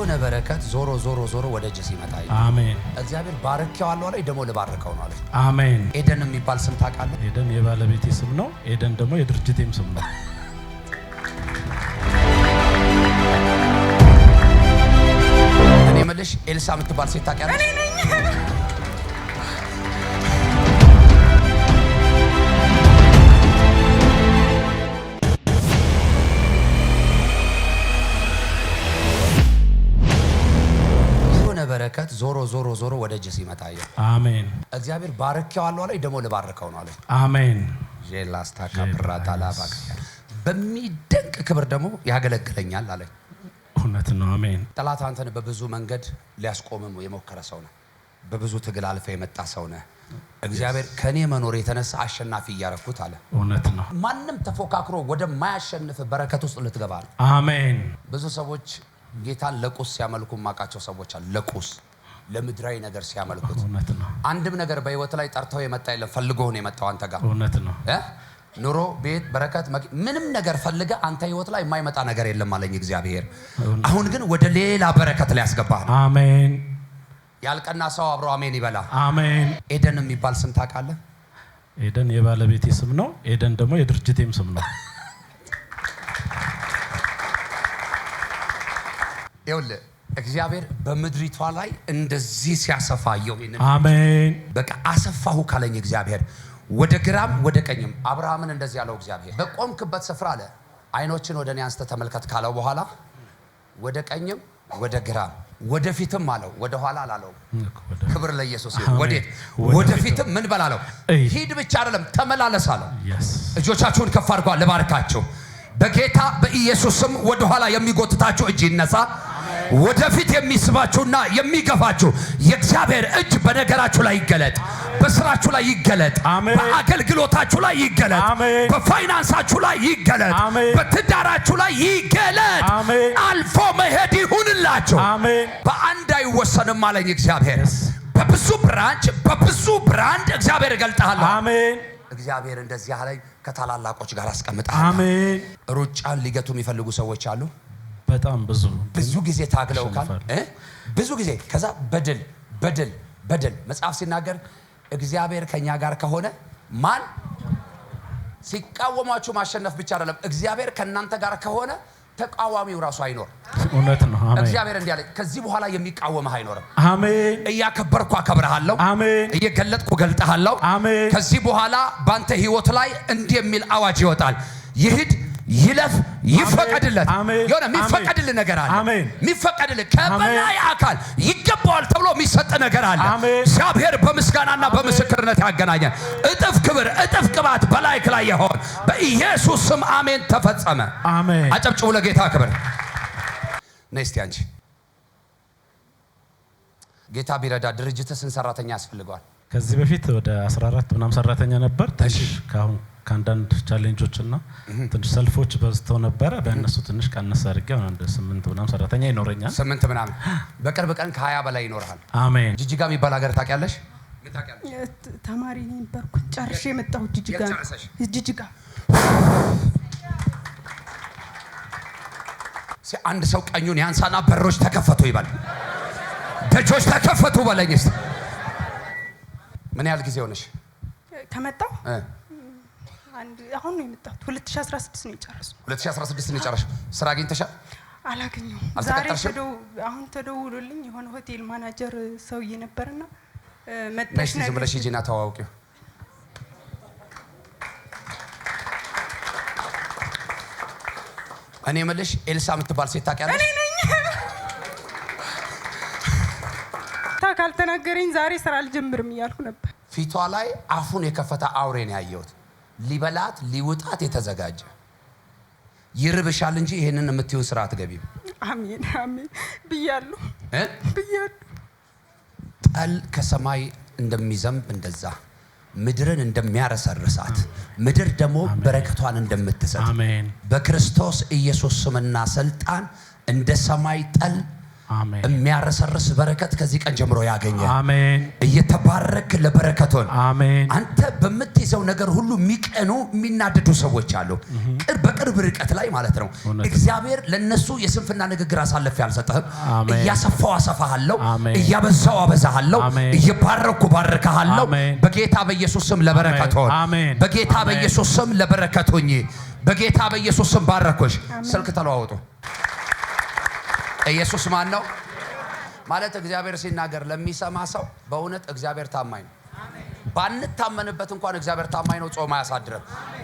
የሆነ በረከት ዞሮ ዞሮ ዞሮ ወደ እጅ ሲመጣ አሜን። እግዚአብሔር ባርኬዋለሁ አለኝ ደግሞ ልባርከው ነው አለ። አሜን። ኤደን የሚባል ስም ታውቃለህ? ኤደን የባለቤቴ ስም ነው። ኤደን ደግሞ የድርጅቴም ስም ነው። እኔ የምልሽ ኤልሳ የምትባል ሴት ታውቂያለሽ? በረከት ዞሮ ዞሮ ዞሮ ወደ እጅ ሲመጣ ያ አሜን። እግዚአብሔር ባርኬዋለሁ አለኝ፣ ደግሞ ልባርከው ነው አለኝ። አሜን። ላስታካ ብራታ ላባ በሚደንቅ ክብር ደግሞ ያገለግለኛል አለኝ። እውነት ነው። አሜን። ጠላት አንተን በብዙ መንገድ ሊያስቆምም የሞከረ ሰው ነው። በብዙ ትግል አልፈ የመጣ ሰው ነህ። እግዚአብሔር ከእኔ መኖር የተነሳ አሸናፊ እያረኩት አለ። እውነት ነው። ማንም ተፎካክሮ ወደማያሸንፍ በረከት ውስጥ ልትገባ ነው። አሜን። ብዙ ሰዎች ጌታን ለቁስ ሲያመልኩ ማቃቸው ሰዎች አሉ። ለቁስ ለምድራዊ ነገር ሲያመልኩት አንድም ነገር በህይወት ላይ ጠርተው የመጣ የለም። ፈልጎ ነው የመጣው አንተ ጋር እውነት ነው። ኑሮ፣ ቤት፣ በረከት፣ ምንም ነገር ፈልገ አንተ ህይወት ላይ የማይመጣ ነገር የለም አለኝ እግዚአብሔር። አሁን ግን ወደ ሌላ በረከት ላይ ያስገባህ አሜን። ያልቀና ሰው አብሮ አሜን ይበላ። አሜን። ኤደን የሚባል ስም ታውቃለህ? ኤደን የባለቤቴ ስም ነው። ኤደን ደግሞ የድርጅቴም ስም ነው። ይኸውልህ እግዚአብሔር በምድሪቷ ላይ እንደዚህ ሲያሰፋየው አሜን። በቃ አሰፋሁ ካለኝ እግዚአብሔር ወደ ግራም ወደ ቀኝም አብርሃምን እንደዚህ ያለው እግዚአብሔር በቆምክበት ስፍራ አለ አይኖችን ወደ እኔ አንስተ ተመልከት ካለው በኋላ ወደ ቀኝም ወደ ግራም ወደፊትም አለው ወደ ኋላ አላለው። ክብር ለኢየሱስ። ወዴት ወደፊትም ምን በላለው? ሂድ ብቻ አይደለም ተመላለስ አለው። እጆቻችሁን ከፍ አድርጓ ልባርካችሁ። በጌታ በኢየሱስም ወደኋላ የሚጎትታችሁ እጅ ይነሳ። ወደፊት የሚስባችሁና የሚገፋችሁ የእግዚአብሔር እጅ በነገራችሁ ላይ ይገለጥ፣ በስራችሁ ላይ ይገለጥ፣ በአገልግሎታችሁ ላይ ይገለጥ፣ በፋይናንሳችሁ ላይ ይገለጥ፣ በትዳራችሁ ላይ ይገለጥ። አልፎ መሄድ ይሁንላችሁ። በአንድ አይወሰንም አለኝ እግዚአብሔር። በብዙ ብራንች በብዙ ብራንድ እግዚአብሔር እገልጥሃለሁ። አሜን። እግዚአብሔር እንደዚህ ላይ ከታላላቆች ጋር አስቀምጣለሁ። ሩጫን ሊገቱ የሚፈልጉ ሰዎች አሉ። በጣም ብዙ ብዙ ጊዜ ታግለው ካል ብዙ ጊዜ ከዛ በድል በድል በድል መጽሐፍ ሲናገር እግዚአብሔር ከእኛ ጋር ከሆነ ማን ሲቃወሟችሁ ማሸነፍ ብቻ አይደለም። እግዚአብሔር ከእናንተ ጋር ከሆነ ተቃዋሚው ራሱ አይኖር። እውነት ነው። እግዚአብሔር እንዲ አለ፣ ከዚህ በኋላ የሚቃወምህ አይኖርም። አሜን። እያከበርኩ አከብረሃለሁ አሜን። እየገለጥኩ ገልጠሃለሁ አሜን። ከዚህ በኋላ በአንተ ህይወት ላይ እንዲህ የሚል አዋጅ ይወጣል፣ ይሂድ ይለፍ ይፈቀድለት። የሆነ የሚፈቀድልህ ነገር አለ። የሚፈቀድልህ ከበላይ አካል ይገባዋል ተብሎ የሚሰጥ ነገር አለ። እግዚአብሔር በምስጋናና በምስክርነት ያገናኘን። እጥፍ ክብር፣ እጥፍ ቅባት በላይክ ላይ የሆን በኢየሱስ ስም አሜን። ተፈጸመ። አጨብጭቡ ለጌታ ክብር። ነስቲ አንቺ ጌታ ቢረዳ ድርጅት ስንት ሰራተኛ ያስፈልገዋል? ከዚህ በፊት ወደ 14 ምናም ሰራተኛ ነበር። ትንሽ ከአሁን ከአንዳንድ ቻሌንጆች እና ትንሽ ሰልፎች በዝተው ነበረ። በእነሱ ትንሽ ቀነስ አድርጌ አሁን አንድ ስምንት ምናም ሰራተኛ ይኖረኛል። ስምንት ምናም በቅርብ ቀን ከሀያ በላይ ይኖርሃል። አሜን። ጅጅጋ የሚባል ሀገር ታውቂያለሽ? ተማሪ ነበርኩ ጨርሼ የመጣሁት ጅጅጋ ጅጅጋ። አንድ ሰው ቀኙን ያንሳና በሮች ተከፈቱ ይበል። ደጆች ተከፈቱ በለኝ እስኪ ምን ያህል ጊዜ ሆነሽ ከመጣው? አሁን ነው የመጣሁት። 2016 ነው 2016 ነው ስራ አግኝተሻል? አላገኘሁም። ዛሬ አሁን ተደውሎልኝ የሆነ ሆቴል ማናጀር ሰውዬ ነበርና መጣሽ ዝም ብለሽ ሂጂና ተዋውቂው እኔ የምልሽ ኤልሳ የምትባል ሴት ታውቂያለሽ? ካልተናገረኝ ዛሬ ስራ አልጀምርም እያልኩ ነበር። ፊቷ ላይ አፉን የከፈተ አውሬ ነው ያየሁት። ሊበላት ሊውጣት የተዘጋጀ ይርብሻል እንጂ ይህንን የምትይውን ስራ አትገቢም። አሜን አሜን ብያሉ ብያሉ። ጠል ከሰማይ እንደሚዘንብ እንደዛ ምድርን እንደሚያረሰርሳት ምድር ደግሞ በረከቷን እንደምትሰጥ በክርስቶስ ኢየሱስ ስምና ስልጣን እንደ ሰማይ ጠል የሚያረሰርስ በረከት ከዚህ ቀን ጀምሮ ያገኘ እየተባረክ ለበረከቶን አንተ በምትይዘው ነገር ሁሉ የሚቀኑ የሚናድዱ ሰዎች አሉ። በቅርብ ርቀት ላይ ማለት ነው። እግዚአብሔር ለነሱ የስንፍና ንግግር አሳልፌ አልሰጠህም። እያሰፋው አሰፋሃለሁ፣ እያበዛው አበዛሃለሁ፣ እየባረኩ ባርከሃለሁ። በጌታ በኢየሱስ ስም ለበረከቶን፣ በጌታ በኢየሱስ ስም ለበረከቶኝ፣ በጌታ በኢየሱስ ስም ባረኮች። ስልክ ተለዋወጡ። ኢየሱስ ማን ነው ማለት እግዚአብሔር ሲናገር ለሚሰማ ሰው በእውነት እግዚአብሔር ታማኝ ነው። ባንታመንበት እንኳን እግዚአብሔር ታማኝ ነው። ጾም አያሳድረም።